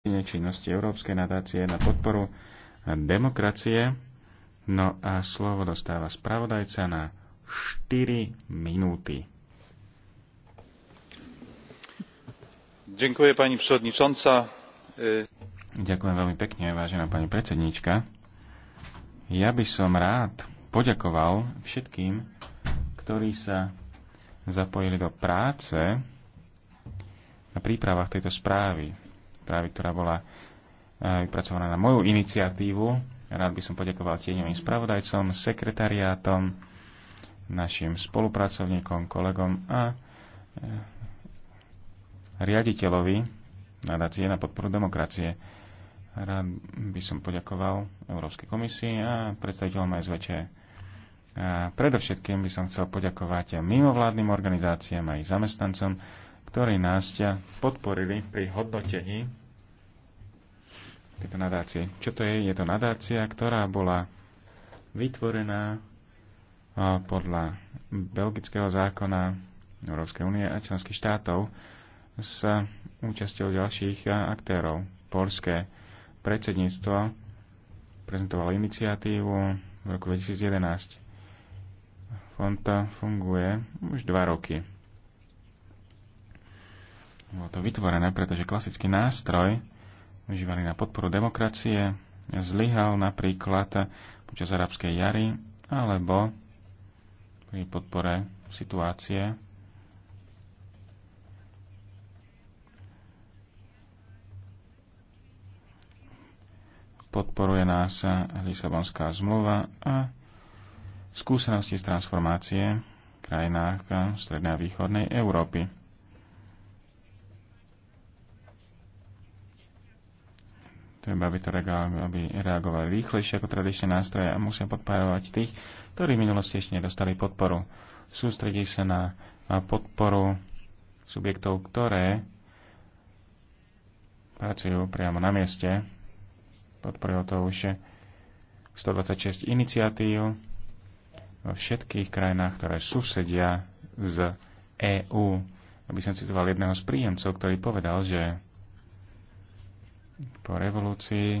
činnosti Európskej nadácie na podporu demokracie. No a slovo dostáva spravodajca na 4 minúty. Ďakujem pani predsedníčka. Ďakujem veľmi pekne, vážená pani predsednička. Ja by som rád poďakoval všetkým, ktorí sa zapojili do práce na prípravách tejto správy správy, ktorá bola e, vypracovaná na moju iniciatívu. Rád by som poďakoval tieňovým spravodajcom, sekretariátom, našim spolupracovníkom, kolegom a e, riaditeľovi nadácie na podporu demokracie. Rád by som poďakoval Európskej komisii a predstaviteľom zväčšie. A predovšetkým by som chcel poďakovať mimovládnym organizáciám a ich zamestnancom, ktorí nás podporili pri hodnotení tejto nadácie. Čo to je? Je to nadácia, ktorá bola vytvorená podľa belgického zákona Európskej únie a členských štátov s účasťou ďalších aktérov. Polské predsedníctvo prezentovalo iniciatívu v roku 2011. Fond funguje už dva roky. Bolo to vytvorené, pretože klasický nástroj využívali na podporu demokracie, zlyhal napríklad počas arabskej jary alebo pri podpore situácie podporuje nás Lisabonská zmluva a skúsenosti z transformácie v krajinách Strednej a Východnej Európy. Treba, aby to reagovali, aby reagovali rýchlejšie ako tradičné nástroje a musia podporovať tých, ktorí v minulosti ešte nedostali podporu. Sústredí sa na podporu subjektov, ktoré pracujú priamo na mieste. Podporilo to už 126 iniciatív vo všetkých krajinách, ktoré susedia z EÚ. Aby som citoval jedného z príjemcov, ktorý povedal, že po revolúcii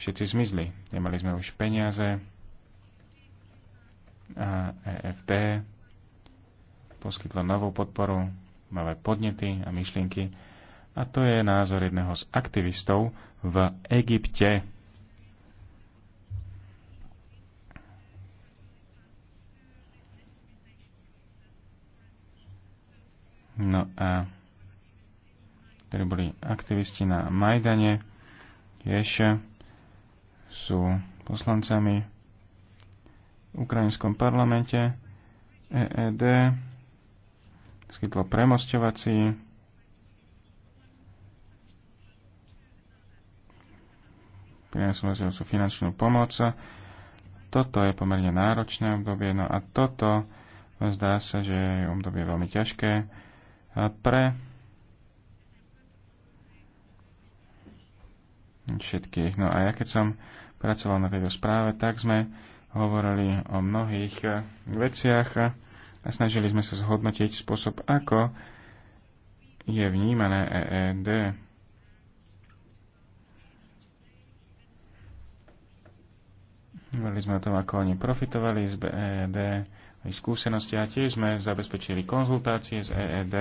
všetci zmizli. Nemali sme už peniaze a EFT poskytlo novú podporu, nové podnety a myšlienky. A to je názor jedného z aktivistov v Egypte. No a ktorí boli aktivisti na Majdane, tiež sú poslancami v ukrajinskom parlamente. EED skytlo premostovací prineslo sú finančnú pomoc. Toto je pomerne náročné obdobie, no a toto zdá sa, že je obdobie veľmi ťažké pre všetkých. No a ja keď som pracoval na tejto správe, tak sme hovorili o mnohých veciach a snažili sme sa zhodnotiť spôsob, ako je vnímané EED. Hovorili sme o tom, ako oni profitovali z EED ich skúsenosti a tiež sme zabezpečili konzultácie z EED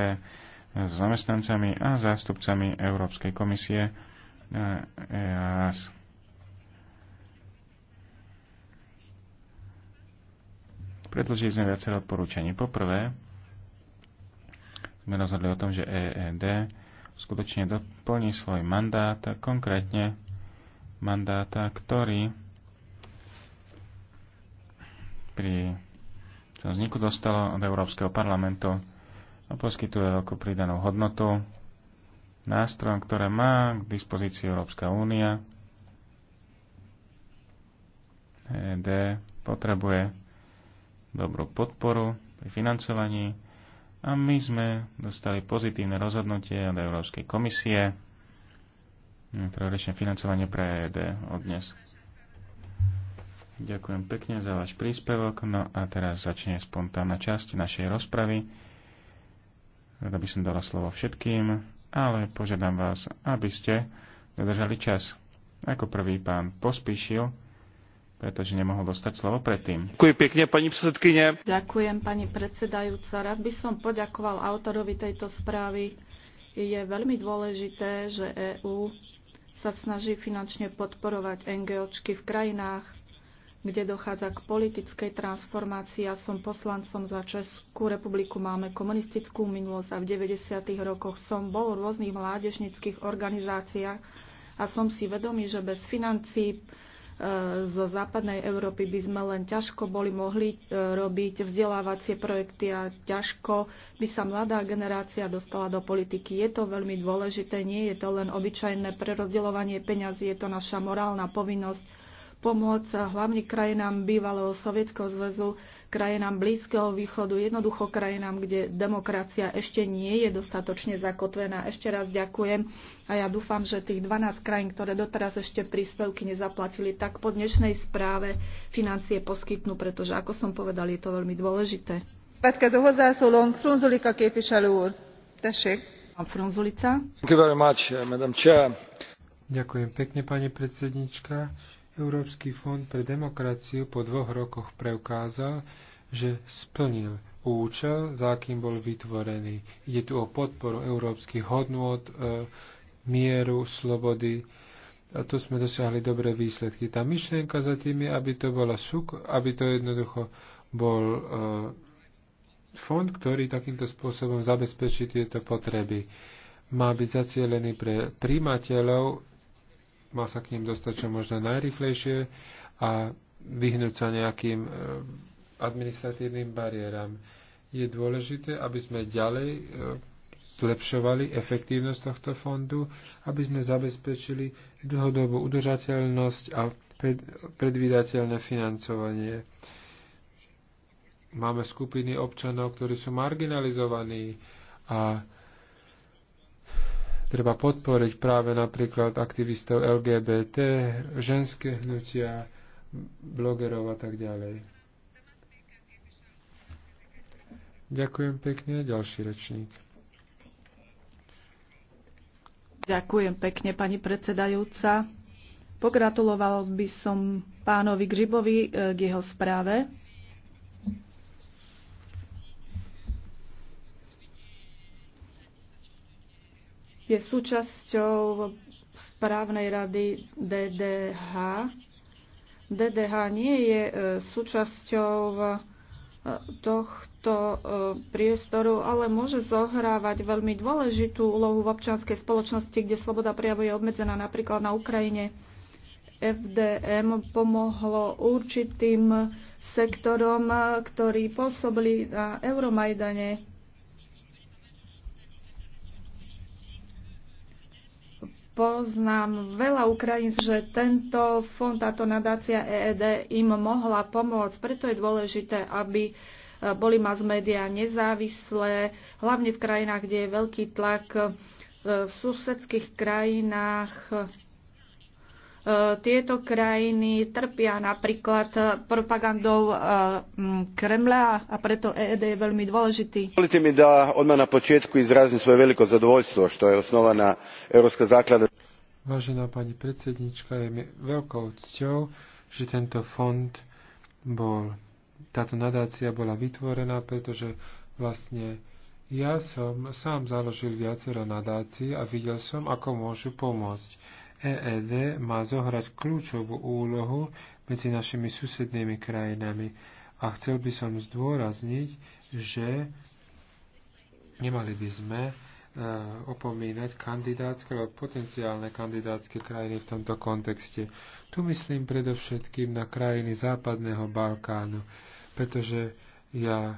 s zamestnancami a zástupcami Európskej komisie EAS. Predložili sme viacero odporúčaní. Poprvé, sme rozhodli o tom, že EED skutočne doplní svoj mandát, konkrétne mandáta, ktorý pri vzniku dostalo od Európskeho parlamentu a poskytuje veľkú pridanú hodnotu nástrojom, ktoré má k dispozícii Európska únia. ED potrebuje dobrú podporu pri financovaní a my sme dostali pozitívne rozhodnutie od Európskej komisie, ktoré riešia financovanie pre ED od dnes. Ďakujem pekne za váš príspevok. No a teraz začne spontánna časť našej rozpravy. Rada by som dala slovo všetkým ale požiadam vás, aby ste dodržali čas. Ako prvý pán pospíšil, pretože nemohol dostať slovo predtým. Ďakujem pekne, pani predsedkyne. Ďakujem, pani predsedajúca. Rád by som poďakoval autorovi tejto správy. Je veľmi dôležité, že EÚ sa snaží finančne podporovať NGOčky v krajinách, kde dochádza k politickej transformácii. Ja som poslancom za Českú republiku, máme komunistickú minulosť a v 90. rokoch som bol v rôznych mládežnických organizáciách a som si vedomý, že bez financií e, zo západnej Európy by sme len ťažko boli mohli e, robiť vzdelávacie projekty a ťažko by sa mladá generácia dostala do politiky. Je to veľmi dôležité, nie je to len obyčajné prerozdeľovanie peňazí, je to naša morálna povinnosť pomoc hlavne krajinám bývalého Sovietskeho zväzu, krajinám Blízkeho východu, jednoducho krajinám, kde demokracia ešte nie je dostatočne zakotvená. Ešte raz ďakujem a ja dúfam, že tých 12 krajín, ktoré doteraz ešte príspevky nezaplatili, tak po dnešnej správe financie poskytnú, pretože, ako som povedal, je to veľmi dôležité. hozzászólónk Frunzulika képviselő úr. Tessék. Frunzulica. Thank you very much, Madam Chair. Ďakujem pekne, pani predsednička. Európsky fond pre demokraciu po dvoch rokoch preukázal, že splnil účel, za akým bol vytvorený. Ide tu o podporu európskych hodnôt, e, mieru, slobody. A tu sme dosiahli dobré výsledky. Tá myšlienka za tým je, aby to, bola suk- aby to jednoducho bol e, fond, ktorý takýmto spôsobom zabezpečí tieto potreby. Má byť zacielený pre príjmateľov mal sa k ním dostať čo možno najrychlejšie a vyhnúť sa nejakým e, administratívnym bariéram. Je dôležité, aby sme ďalej e, zlepšovali efektívnosť tohto fondu, aby sme zabezpečili dlhodobú udržateľnosť a predvídateľné financovanie. Máme skupiny občanov, ktorí sú marginalizovaní a Treba podporiť práve napríklad aktivistov LGBT, ženské hnutia, blogerov a tak ďalej. Ďakujem pekne. Ďalší rečník. Ďakujem pekne, pani predsedajúca. Pogratuloval by som pánovi Gribovi eh, k jeho správe. je súčasťou správnej rady DDH. DDH nie je e, súčasťou e, tohto e, priestoru, ale môže zohrávať veľmi dôležitú úlohu v občianskej spoločnosti, kde sloboda prijavu je obmedzená napríklad na Ukrajine. FDM pomohlo určitým sektorom, ktorí pôsobili na Euromajdane. poznám veľa Ukrajín, že tento fond, táto nadácia EED im mohla pomôcť. Preto je dôležité, aby e, boli mass media nezávislé, hlavne v krajinách, kde je veľký tlak e, v susedských krajinách. E, tieto krajiny trpia napríklad propagandou Kremľa a preto EED je veľmi dôležitý. Dovolite mi da odmah na početku izrazím svoje veliko zadovoljstvo što je osnovaná Európska základa. Vážená pani predsednička, je mi veľkou cťou, že tento fond bol, táto nadácia bola vytvorená, pretože vlastne ja som sám založil viacero nadácií a videl som, ako môžu pomôcť. EED má zohrať kľúčovú úlohu medzi našimi susednými krajinami a chcel by som zdôrazniť, že nemali by sme Eh, opomínať kandidátske alebo potenciálne kandidátske krajiny v tomto kontexte. Tu myslím predovšetkým na krajiny Západného Balkánu, pretože ja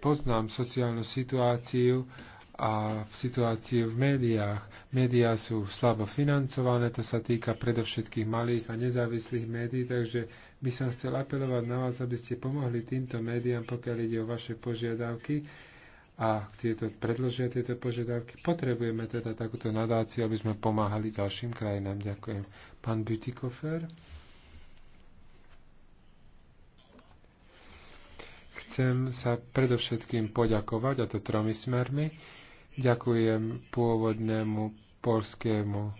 poznám sociálnu situáciu a v situáciu v médiách. Médiá sú slabo financované, to sa týka predovšetkých malých a nezávislých médií, takže by som chcel apelovať na vás, aby ste pomohli týmto médiám, pokiaľ ide o vaše požiadavky a tieto, predložia tieto požiadavky. Potrebujeme teda takúto nadáciu, aby sme pomáhali ďalším krajinám. Ďakujem. Pán Bütikofer. Chcem sa predovšetkým poďakovať, a to tromi smermi. Ďakujem pôvodnému polskému e,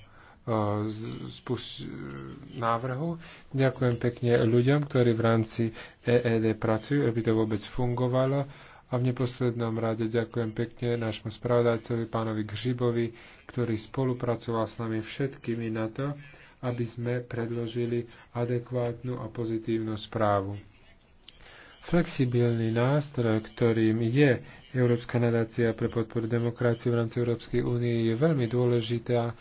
návrhu. Ďakujem pekne ľuďom, ktorí v rámci EED pracujú, aby to vôbec fungovalo a v neposlednom rade ďakujem pekne nášmu spravodajcovi pánovi Gžibovi, ktorý spolupracoval s nami všetkými na to, aby sme predložili adekvátnu a pozitívnu správu. Flexibilný nástroj, ktorým je Európska nadácia pre podporu demokracie v rámci Európskej únie, je veľmi dôležitá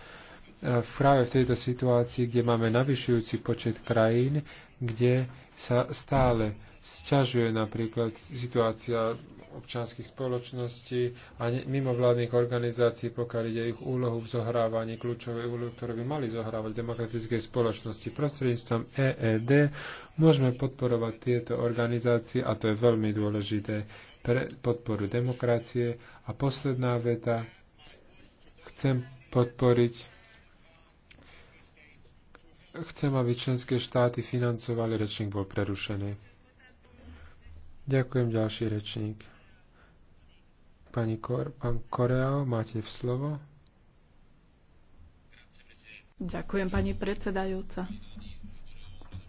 práve v tejto situácii, kde máme navyšujúci počet krajín, kde sa stále sťažuje napríklad situácia občanských spoločností a mimovládnych organizácií, pokiaľ ide ich úlohu v zohrávaní kľúčovej úlohy, ktoré by mali zohrávať v demokratickej spoločnosti. Prostredníctvom EED môžeme podporovať tieto organizácie a to je veľmi dôležité pre podporu demokracie. A posledná veta. Chcem podporiť Chcem, aby členské štáty financovali, rečník bol prerušený. Ďakujem, ďalší rečník. Pani Kor- pán Koreo, máte v slovo. Ďakujem, pani predsedajúca.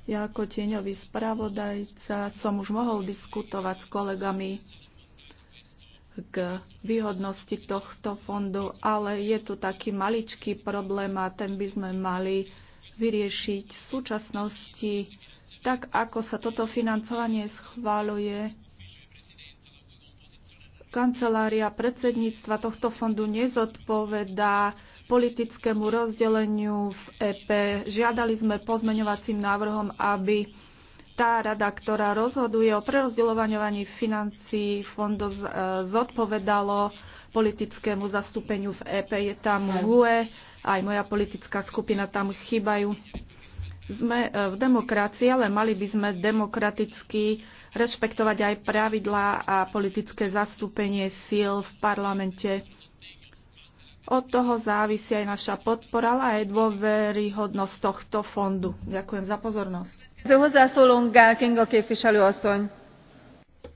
Ja ako tieňový spravodajca som už mohol diskutovať s kolegami k výhodnosti tohto fondu, ale je tu taký maličký problém a ten by sme mali vyriešiť v súčasnosti. Tak ako sa toto financovanie schváluje, Kancelária predsedníctva tohto fondu nezodpovedá politickému rozdeleniu v EP. Žiadali sme pozmeňovacím návrhom, aby tá rada, ktorá rozhoduje o prerozdeľovaní financií fondu, e, zodpovedalo politickému zastúpeniu v EP. Je tam UE, aj moja politická skupina tam chýbajú. Sme e, v demokracii, ale mali by sme demokraticky rešpektovať aj pravidlá a politické zastúpenie síl v parlamente. Od toho závisí aj naša podpora, ale aj dôveryhodnosť tohto fondu. Ďakujem za pozornosť.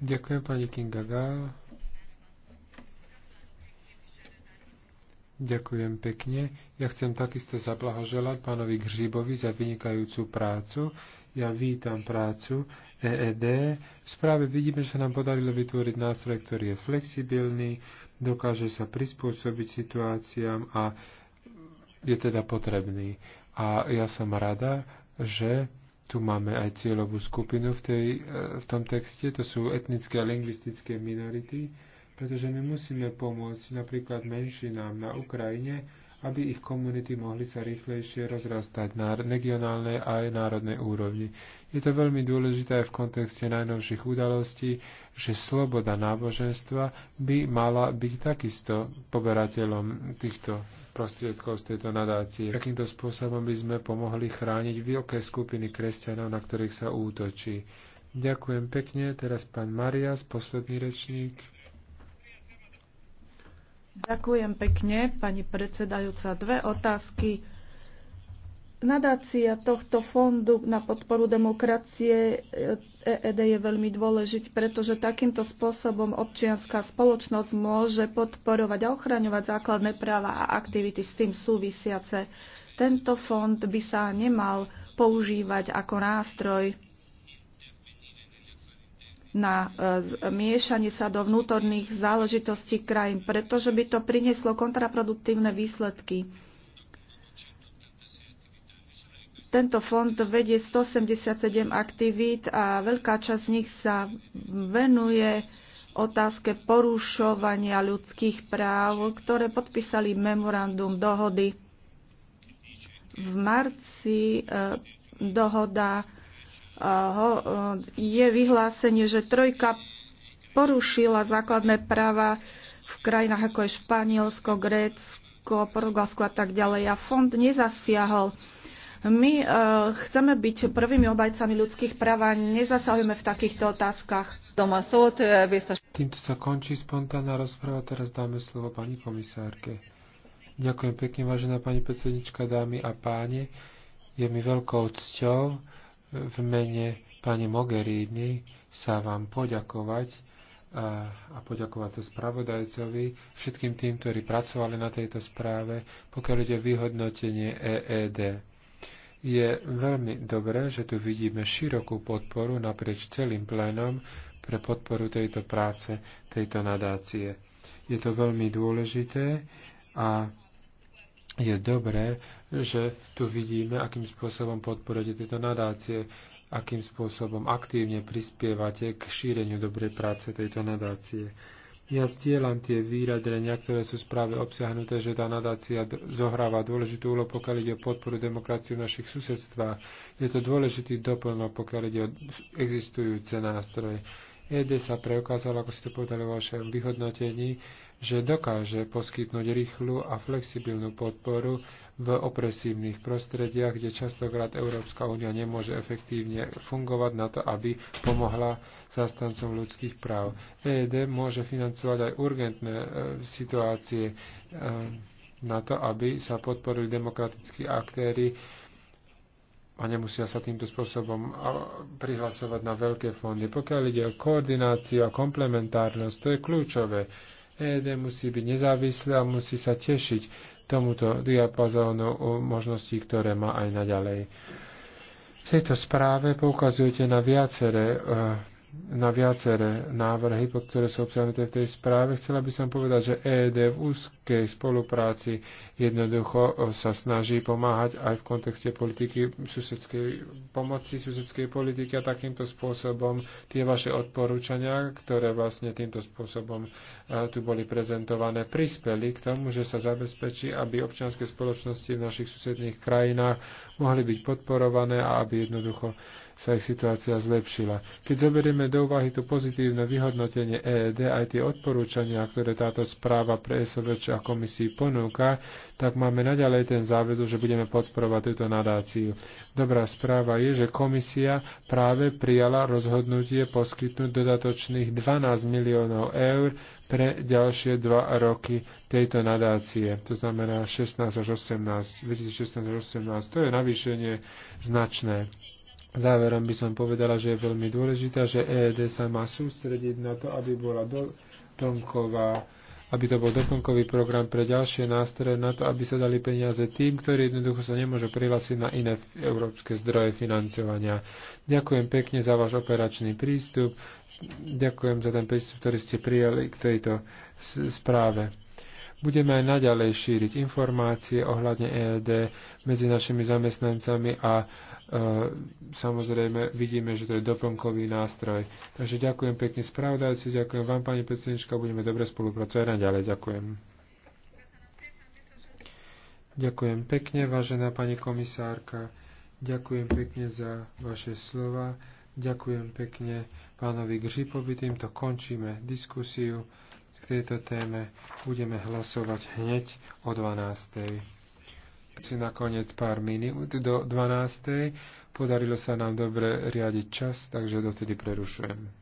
Ďakujem pani Kinga Gál. Ďakujem pekne. Ja chcem takisto zablahoželať pánovi Gříbovi za vynikajúcu prácu. Ja vítam prácu EED. V správe vidíme, že sa nám podarilo vytvoriť nástroj, ktorý je flexibilný, dokáže sa prispôsobiť situáciám a je teda potrebný. A ja som rada, že tu máme aj cieľovú skupinu v, tej, e, v tom texte, to sú etnické a lingvistické minority pretože my musíme pomôcť napríklad menšinám na Ukrajine, aby ich komunity mohli sa rýchlejšie rozrastať na regionálnej a aj národnej úrovni. Je to veľmi dôležité aj v kontexte najnovších udalostí, že sloboda náboženstva by mala byť takisto poberateľom týchto prostriedkov z tejto nadácie. Takýmto spôsobom by sme pomohli chrániť veľké skupiny kresťanov, na ktorých sa útočí. Ďakujem pekne. Teraz pán Marias, posledný rečník. Ďakujem pekne, pani predsedajúca. Dve otázky. Nadácia tohto fondu na podporu demokracie EED e, je veľmi dôležitý, pretože takýmto spôsobom občianská spoločnosť môže podporovať a ochraňovať základné práva a aktivity s tým súvisiace. Tento fond by sa nemal používať ako nástroj na e, miešanie sa do vnútorných záležitostí krajín, pretože by to prinieslo kontraproduktívne výsledky. Tento fond vedie 187 aktivít a veľká časť z nich sa venuje otázke porušovania ľudských práv, ktoré podpísali memorandum dohody. V marci e, dohoda E, je vyhlásenie, že trojka porušila základné práva v krajinách ako je Španielsko, Grécko, Portugalsko a tak ďalej. A fond nezasiahol. My e, chceme byť prvými obajcami ľudských práv a nezasahujeme v takýchto otázkach. E, Týmto sa končí spontánna rozpráva. Teraz dáme slovo pani komisárke. Ďakujem pekne, vážená pani predsednička, dámy a páni. Je mi veľkou cťou v mene pani Mogherini sa vám poďakovať a, a poďakovať to spravodajcovi, všetkým tým, ktorí pracovali na tejto správe, pokiaľ ide o vyhodnotenie EED. Je veľmi dobré, že tu vidíme širokú podporu naprieč celým plénom pre podporu tejto práce, tejto nadácie. Je to veľmi dôležité a je dobré, že tu vidíme, akým spôsobom podporujete tieto nadácie, akým spôsobom aktívne prispievate k šíreniu dobrej práce tejto nadácie. Ja stielam tie výradenia, ktoré sú správe obsiahnuté, že tá nadácia zohráva dôležitú úlohu, pokiaľ ide o podporu demokracie v našich susedstvách. Je to dôležitý doplnok, pokiaľ ide o existujúce nástroje. ED sa preukázala, ako si to povedali vo vašom vyhodnotení, že dokáže poskytnúť rýchlu a flexibilnú podporu v opresívnych prostrediach, kde častokrát Európska únia nemôže efektívne fungovať na to, aby pomohla zastancom ľudských práv. EED môže financovať aj urgentné e, situácie e, na to, aby sa podporili demokratickí aktéry a nemusia sa týmto spôsobom prihlasovať na veľké fondy. Pokiaľ ide o koordináciu a komplementárnosť, to je kľúčové. ED musí byť nezávislé a musí sa tešiť tomuto diapazónu možností, ktoré má aj naďalej. V tejto správe poukazujete na viaceré e, na viaceré návrhy, pod ktoré sú obsahnuté v tej správe. Chcela by som povedať, že EED v úzkej spolupráci jednoducho sa snaží pomáhať aj v kontexte politiky susedskej pomoci, susedskej politiky a takýmto spôsobom tie vaše odporúčania, ktoré vlastne týmto spôsobom e, tu boli prezentované, prispeli k tomu, že sa zabezpečí, aby občianske spoločnosti v našich susedných krajinách mohli byť podporované a aby jednoducho sa ich situácia zlepšila. Keď zoberieme do úvahy to pozitívne vyhodnotenie EED aj tie odporúčania, ktoré táto správa pre SOVČ a komisii ponúka, tak máme naďalej ten záväzok, že budeme podporovať túto nadáciu. Dobrá správa je, že komisia práve prijala rozhodnutie poskytnúť dodatočných 12 miliónov eur pre ďalšie dva roky tejto nadácie. To znamená 16 až 18, 2016 až 18. To je navýšenie značné. Záverom by som povedala, že je veľmi dôležité, že EED sa má sústrediť na to, aby bola doplnková aby to bol doplnkový program pre ďalšie nástroje na to, aby sa dali peniaze tým, ktorí jednoducho sa nemôžu prihlásiť na iné európske zdroje financovania. Ďakujem pekne za váš operačný prístup. Ďakujem za ten prístup, ktorý ste prijali k tejto správe. Budeme aj naďalej šíriť informácie ohľadne EED medzi našimi zamestnancami a e, samozrejme vidíme, že to je doplnkový nástroj. Takže ďakujem pekne spravodajci, ďakujem vám pani predsednička, budeme dobre spolupracovať naďalej. Ďakujem. Ďakujem pekne, vážená pani komisárka. Ďakujem pekne za vaše slova. Ďakujem pekne pánovi Gřipovi. Týmto končíme diskusiu tejto téme budeme hlasovať hneď o 12. Si nakoniec pár minút do 12. Podarilo sa nám dobre riadiť čas, takže dotedy prerušujem.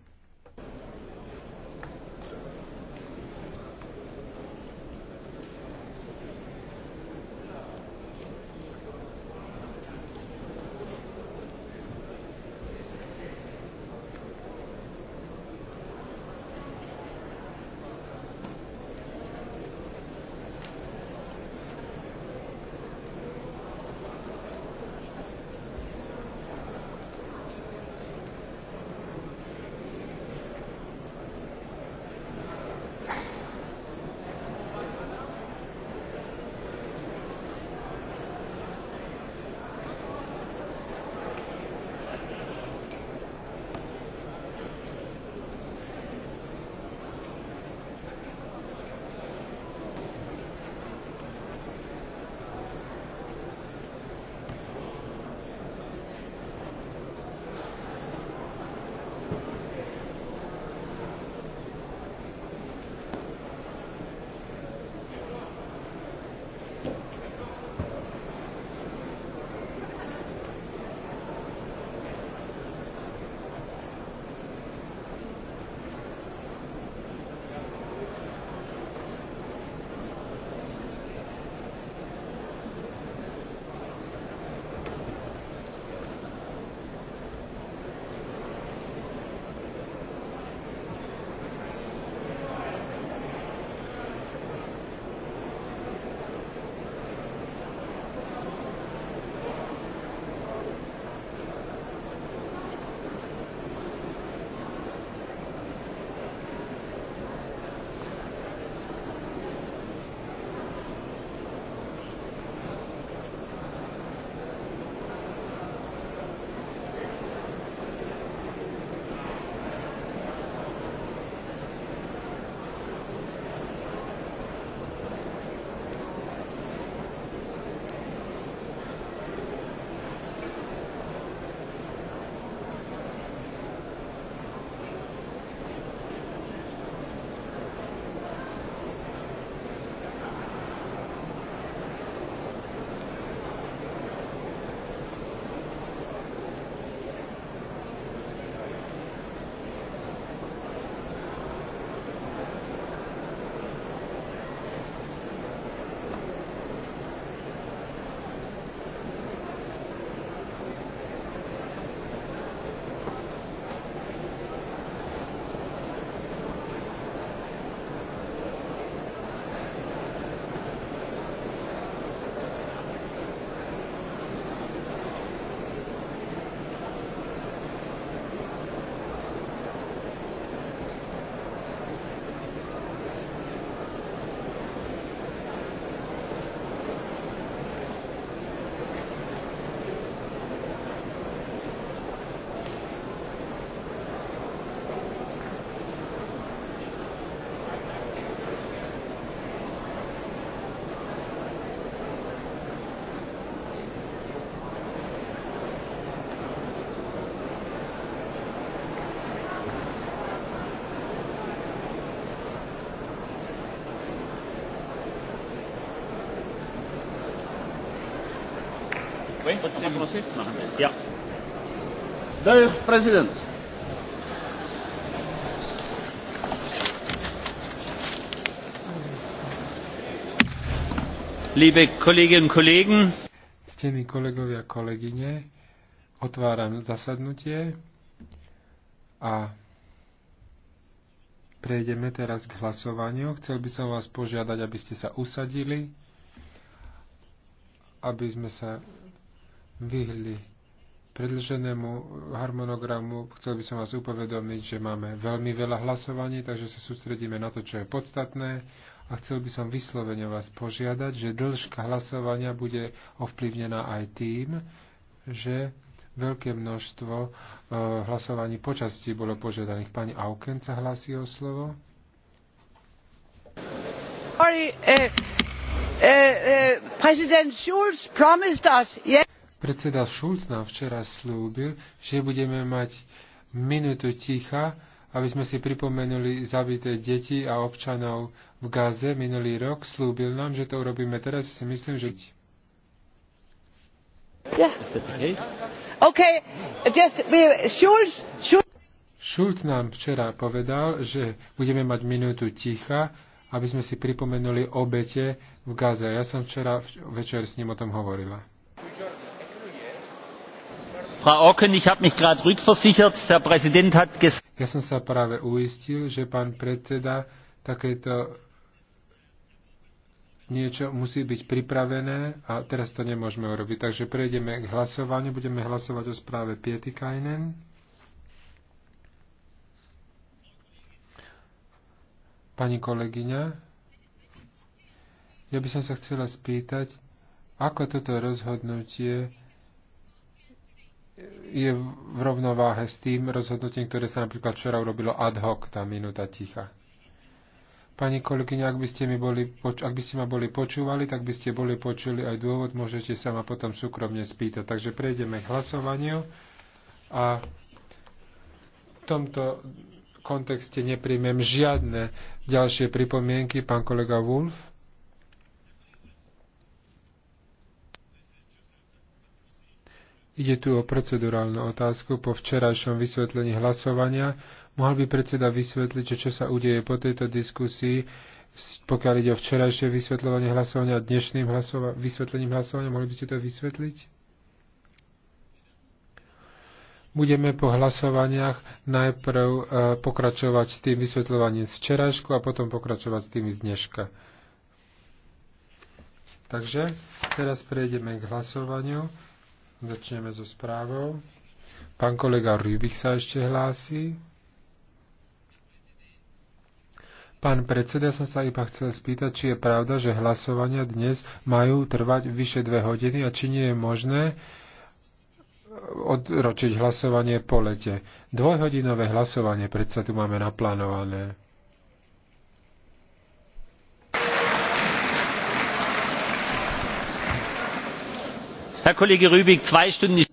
trotzdem was Ja. Herr Präsident. Liebe Kolleginnen und Kollegen, Ctení kolegovia a kolegyne, otváram zasadnutie a prejdeme teraz k hlasovaniu. Chcel by som vás požiadať, aby ste sa usadili, aby sme sa vyhli predlženému harmonogramu. Chcel by som vás upovedomiť, že máme veľmi veľa hlasovaní, takže sa sústredíme na to, čo je podstatné. A chcel by som vyslovene vás požiadať, že dĺžka hlasovania bude ovplyvnená aj tým, že veľké množstvo e, hlasovaní počasti bolo požiadaných. Pani Auken sa hlasí o slovo. Sorry, uh, uh, uh, President Schulz promised us yes Predseda Šulc nám včera slúbil, že budeme mať minútu ticha, aby sme si pripomenuli zabité deti a občanov v Gaze minulý rok. Slúbil nám, že to urobíme teraz. Si myslím, že... Šult nám včera povedal, že budeme mať minútu ticha, aby sme si pripomenuli obete v Gaze. Ja som včera večer s ním o tom hovorila. Ja som sa práve uistil, že pán predseda takéto niečo musí byť pripravené a teraz to nemôžeme urobiť. Takže prejdeme k hlasovaniu. Budeme hlasovať o správe Pietikainen. Pani kolegyňa, ja by som sa chcela spýtať, ako toto rozhodnutie je v rovnováhe s tým rozhodnutím, ktoré sa napríklad včera urobilo ad hoc, tá minúta ticha. Pani kolegyňa, ak by, ste mi boli, ak by ste ma boli počúvali, tak by ste boli počuli aj dôvod, môžete sa ma potom súkromne spýtať. Takže prejdeme k hlasovaniu a v tomto kontexte nepríjmem žiadne ďalšie pripomienky. Pán kolega Wolf. Ide tu o procedurálnu otázku po včerajšom vysvetlení hlasovania. Mohol by predseda vysvetliť, že čo sa udeje po tejto diskusii, pokiaľ ide o včerajšie vysvetľovanie hlasovania a dnešným hlasova- vysvetlením hlasovania. Mohli by ste to vysvetliť? Budeme po hlasovaniach najprv e, pokračovať s tým vysvetľovaním z včerajšku a potom pokračovať s tými z dneška. Takže teraz prejdeme k hlasovaniu. Začneme so správou. Pán kolega Rybich sa ešte hlási. Pán predseda, som sa iba chcel spýtať, či je pravda, že hlasovania dnes majú trvať vyše dve hodiny a či nie je možné odročiť hlasovanie po lete. Dvojhodinové hlasovanie predsa tu máme naplánované.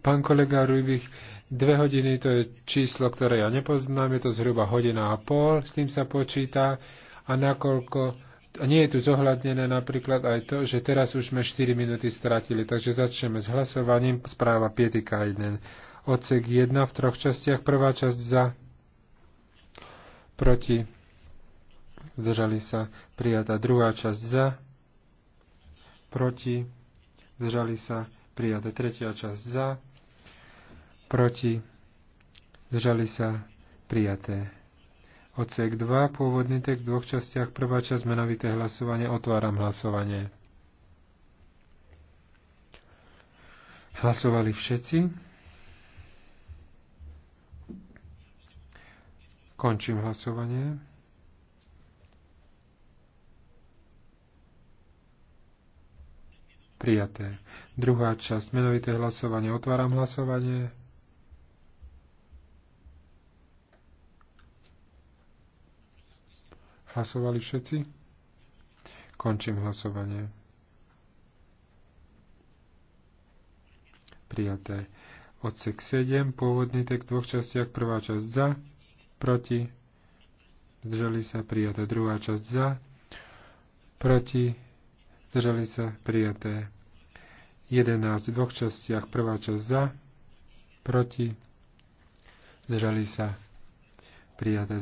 Pán kolega Rubik, dve hodiny to je číslo, ktoré ja nepoznám, je to zhruba hodina a pol, s tým sa počíta a nakoľko a nie je tu zohľadnené napríklad aj to, že teraz už sme 4 minúty stratili, takže začneme s hlasovaním. Správa Piety Kajden. Odsek 1 v troch častiach. Prvá časť za, proti, zdržali sa, prijatá. Druhá časť za, proti, zdržali sa, prijaté tretia časť za, proti, zdržali sa, prijaté. Odsek 2, pôvodný text v dvoch častiach, prvá časť menovité hlasovanie, otváram hlasovanie. Hlasovali všetci. Končím hlasovanie. Prijaté. Druhá časť. Menovité hlasovanie. Otváram hlasovanie. Hlasovali všetci? Končím hlasovanie. Prijaté. Odsek 7, pôvodný text v dvoch častiach, prvá časť za, proti, zdržali sa, prijaté. Druhá časť za, proti, zdržali sa, prijaté. 11 v dvoch častiach. Prvá časť za, proti, zdržali sa prijaté.